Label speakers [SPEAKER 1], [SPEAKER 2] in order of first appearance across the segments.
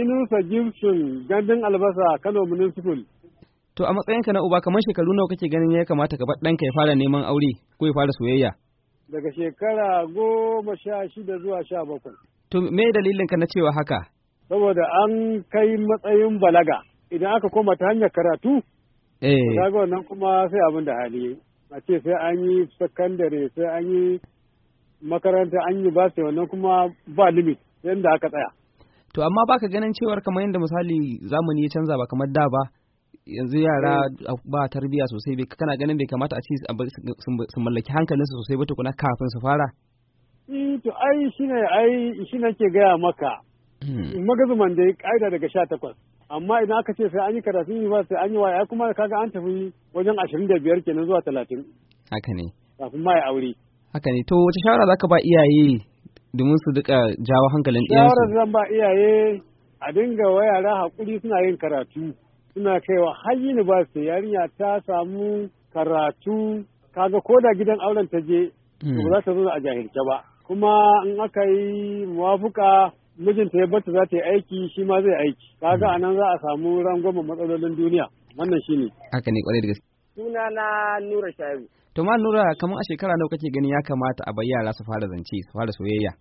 [SPEAKER 1] Inusa Gibson gandun albasa Kano Municipal.
[SPEAKER 2] To a matsayinka na uba kamar shekaru nawa kake ganin ya kamata ka ɗanka ya fara neman aure ko ya fara soyayya?
[SPEAKER 1] Daga shekara goma sha shida zuwa sha bakwai.
[SPEAKER 2] To me dalilin ka na cewa haka?
[SPEAKER 1] Saboda an kai matsayin balaga idan aka koma ta hanyar karatu. Eh. Kaga wannan kuma sai abin da hali. A ce sai an yi sakandare sai an yi makaranta an yi ba wannan kuma ba limit yadda aka tsaya.
[SPEAKER 2] to amma baka ganin cewar kamar yadda misali zamani ya canza ba kamar da ba yanzu yara ba tarbiyya sosai bai kana ganin bai kamata a ce sun mallaki hankalinsu sosai ba tukuna kafin su fara
[SPEAKER 1] eh, to ai shine ai shi ke gaya maka hmm. magazuman da ya kaida daga sha takwas amma idan aka ce sai an yi karatun university an yi waya kuma kaga an tafi wajen ashirin da biyar kenan zuwa talatin haka ne kafin ma ya aure
[SPEAKER 2] haka ne to wace shawara zaka ba iyaye domin su duka jawo hankalin ɗiyansu. Shawarar
[SPEAKER 1] zan ba iyaye a dinga wa yara haƙuri suna yin karatu suna kaiwa har university yarinya ta samu karatu kaga ko da gidan auren ta je ba hmm. za ta zo a jahilce ba kuma in aka yi muwafuka mijinta ya bata za ta yi aiki shi ma zai aiki kaga hmm. a nan za a samu rangwamen matsalolin duniya wannan shine haka ne kwarai da gaske
[SPEAKER 3] sunana nura shayu
[SPEAKER 2] To ma Nura kamar a shekara nawa kake gani ya kamata a bayyana su fara zance su fara soyayya?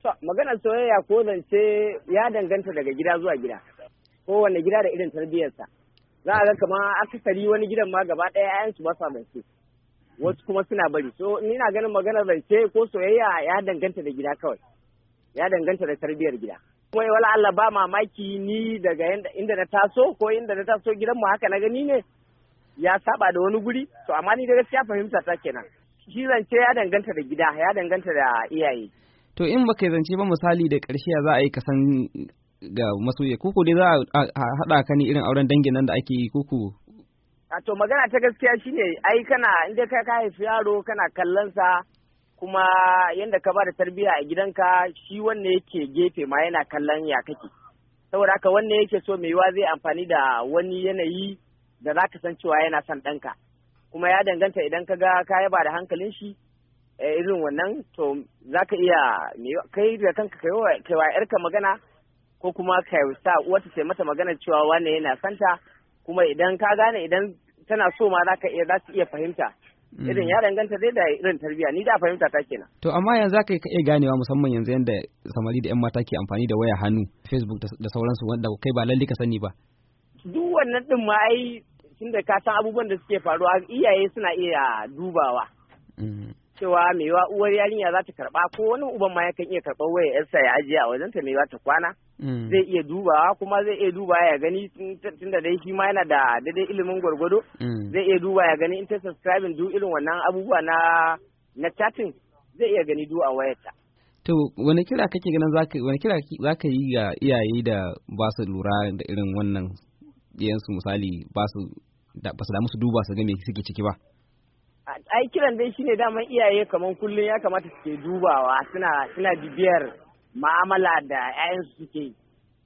[SPEAKER 3] To maganar soyayya ko zance ya danganta daga gida zuwa gida. Kowane gida da irin tarbiyyarsa. Za a ga kamar akasari wani gidan ma gaba ɗaya 'ya'yansu ba sa zance. Wasu kuma suna bari. So ni na ganin maganar zance ko soyayya ya danganta da gida kawai. Ya danganta da tarbiyyar gida. Kuma wala Allah ba mamaki ni daga inda na taso ko inda na taso gidanmu haka na gani ne. ya saba da wani guri to amma ni da gaskiya fahimta ta kenan shi zance ya danganta da gida ya danganta da iyaye
[SPEAKER 2] to in baka zance ba misali da karshe za a yi kasan ga masoyi kuku dai za a haɗa ka ne irin auren dangin nan da ake yi kuku
[SPEAKER 3] a to magana ta gaskiya shine ai kana inda ka ka haifi yaro kana kallon sa kuma yanda ka bada tarbiyya a gidanka shi wanne yake gefe ma yana kallon ya kake saboda haka wanne yake so mai yiwa zai amfani da wani yanayi da za ka san cewa yana son ɗanka kuma ya danganta idan ka ga ka yaba da hankalin shi eh, irin wannan to za ka iya kai da kanka kai wa yarka magana ko kuma ka sa uwarta sai mata magana cewa wane yana santa kuma idan ka gane idan tana so ma za ka iya za su iya fahimta mm. irin ya danganta dai da irin tarbiyya ni da fahimta ta kenan
[SPEAKER 2] to amma yanzu zaka iya ganewa musamman yanzu yanda samari da yan mata ke amfani da waya hannu facebook da sauransu wanda kai ba lalle ka sani ba
[SPEAKER 3] duk wannan din ma ai tunda ka san abubuwan da suke faruwa iyaye suna iya dubawa mm. cewa mai wa uwar yarinya za ta karba ko wani uban ma yakan iya karɓar waya yarsa ya ajiye a wajenta mai wa ta kwana
[SPEAKER 1] mm. zai iya
[SPEAKER 3] dubawa kuma zai iya duba ya gani tunda dai shi ma yana da daidai ilimin gwargwado mm. zai iya duba ya gani in ta subscribing duk irin wannan abubuwa na na chatting zai iya gani duk a wayarta
[SPEAKER 2] To wani kira kake ganin zaka wani kira zaka yi ga iyaye da ba su lura da irin wannan yansu misali ba su musu su duba su ga me suke ciki ba
[SPEAKER 3] ai kiran dai shine daman iyaye kaman kullum ya kamata suke dubawa suna suna bibiyar ma'amala da 'ya'yansu suke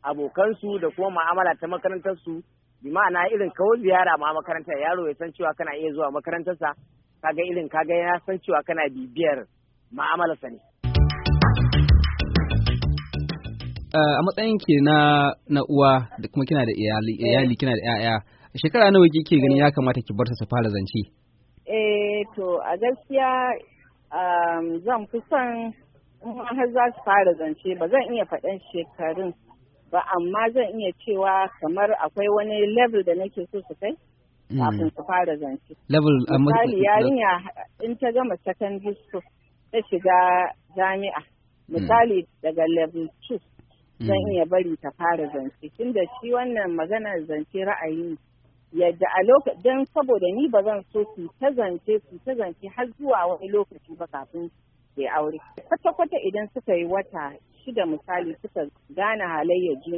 [SPEAKER 3] abokansu da kuma ma'amala ta makarantarsu bi ma'ana irin kawo ziyara ma makaranta yaro ya san cewa kana iya zuwa makarantarsa kaga irin kaga ya san cewa kana bibiyar ma'amalarsa ne
[SPEAKER 2] Eh, a matsayin ke na na uwa da kuma kina da iyali iyali kina da yaya shekara nawa kike ganin ya kamata ki bar su fara zance
[SPEAKER 4] eh to a gaskiya um, zan fi son in har za su fara zance ba zan iya faɗan shekarun ba amma zan iya cewa kamar akwai wani level da nake so su kai mm. kafin su fara zance.
[SPEAKER 2] Level misali yarinya
[SPEAKER 4] in ta gama secondary school ta shiga jami'a
[SPEAKER 2] mm. misali
[SPEAKER 4] daga level 2 zan mm. iya bari ta fara zance tunda shi wannan maganar zance ra'ayi yadda a lokacin don saboda ni ba zan so su ta zance su ta zance har zuwa wani lokaci ba kafin su aure kwata-kwata idan suka yi wata shida misali suka gane halayyar su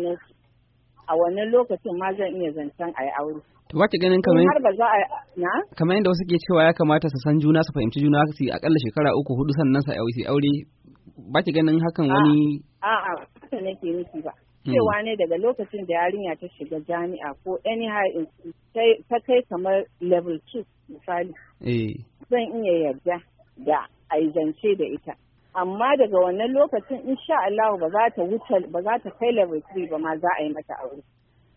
[SPEAKER 4] a wannan lokacin ma zan iya zancen a yi aure.
[SPEAKER 2] To ba ki ganin kamar har
[SPEAKER 4] ba za a na?
[SPEAKER 2] Kamar yadda wasu ke cewa ya kamata su san juna su fahimci juna su yi akalla shekara uku hudu sannan su aure aure ba ki ganin hakan wani
[SPEAKER 4] A'a haka nake nufi ba hmm. cewa ne daga lokacin da yarinya ta shiga jami'a ko any high school ta kai kamar level 2 misali eh. zan iya yarda da aizance da ita amma daga wannan lokacin insha Allah ba za ta wuce ba za ta kai level 3 ba ma za a yi mata aure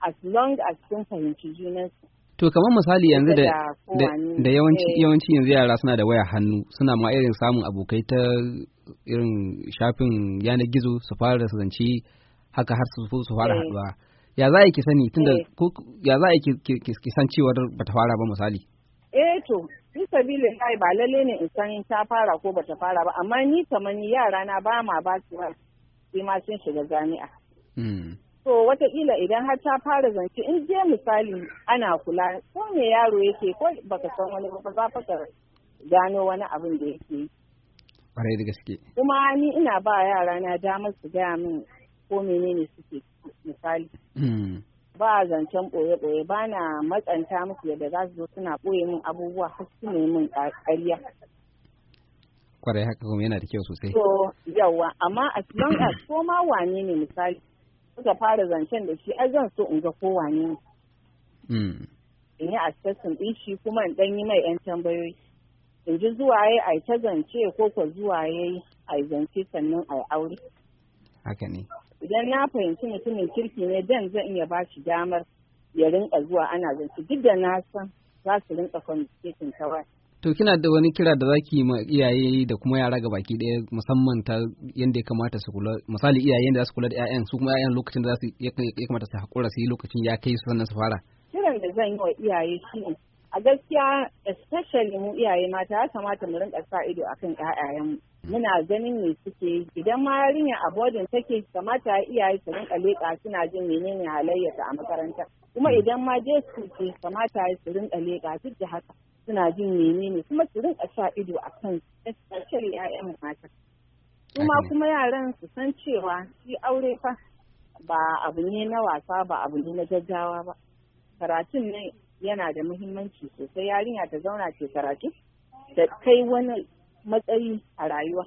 [SPEAKER 4] as long as sun fahimci junansu
[SPEAKER 2] To kamar misali yanzu da yawanci eh. yawanci yanzu yara suna da waya hannu suna ma irin samun abokai ta irin shafin yanar gizo su fara da zance haka har su su fara eh. haduwa. Ya za ki sani tunda eh. ko ya za ki san cewar bata fara ba misali?
[SPEAKER 4] Eh to fi sabili hai ba lalle ne in san ta fara ko bata fara ba amma ni kamar ni yara na ba ma ba su ba sai ma sun shiga jami'a. Hmm. So wataƙila idan har ta fara zance in je misali ana kula ko me yaro yake ko baka san wani ba za ka gano wani abin da yake
[SPEAKER 2] ƙwarai da gaske
[SPEAKER 4] kuma ni ina ba yara na damar su gaya min ko menene suke misali hmm. ba zancen ɓoye-ɓoye ba na matsanta musu yadda za su zo suna ɓoye min abubuwa har su ne min ƙarya
[SPEAKER 2] kwarai haka kuma yana da kyau sosai.
[SPEAKER 4] So yawa amma a ko ma wane ne misali suka fara zancen da shi ai zan so in ga kowa ne mm. in yi assessment din shi kuma in dan yi mai yan tambayoyi in ji zuwa yayi ai ta zance ko ko zuwa yi ai zance sannan ai aure haka ne idan na fahimci mutumin kirki ne dan zan iya ba shi damar ya rinka zuwa ana zance duk da na san za su rinka
[SPEAKER 1] communicating kawai
[SPEAKER 2] To kina da wani kira da zaki ma iyaye da kuma yara ga baki ɗaya musamman ta yadda ya kamata su kula misali iyaye da za su kula da 'ya'yan su kuma 'ya'yan lokacin da za su ya kamata su haƙura su yi lokacin ya kai su sannan su fara.
[SPEAKER 4] Kiran da zan yi wa iyaye shi a gaskiya especially mu iyaye mata ya kamata mu rinƙa sa ido akan mu mm. muna ganin me suke idan ma yarinya a bodin take kamata iyaye su rinƙa leƙa suna jin menene halayyarta a makaranta kuma mm. idan ma je su kamata su rinƙa leƙa duk da haka suna jin menene kuma su rinka sa ido a kan especially 'ya'yan mata kuma kuma yaran su san cewa shi aure fa ba abu ne na wasa ba abu ne na gaggawa ba karatun nan yana da muhimmanci sosai yarinya ta zauna ce karatu da kai wani matsayi a rayuwa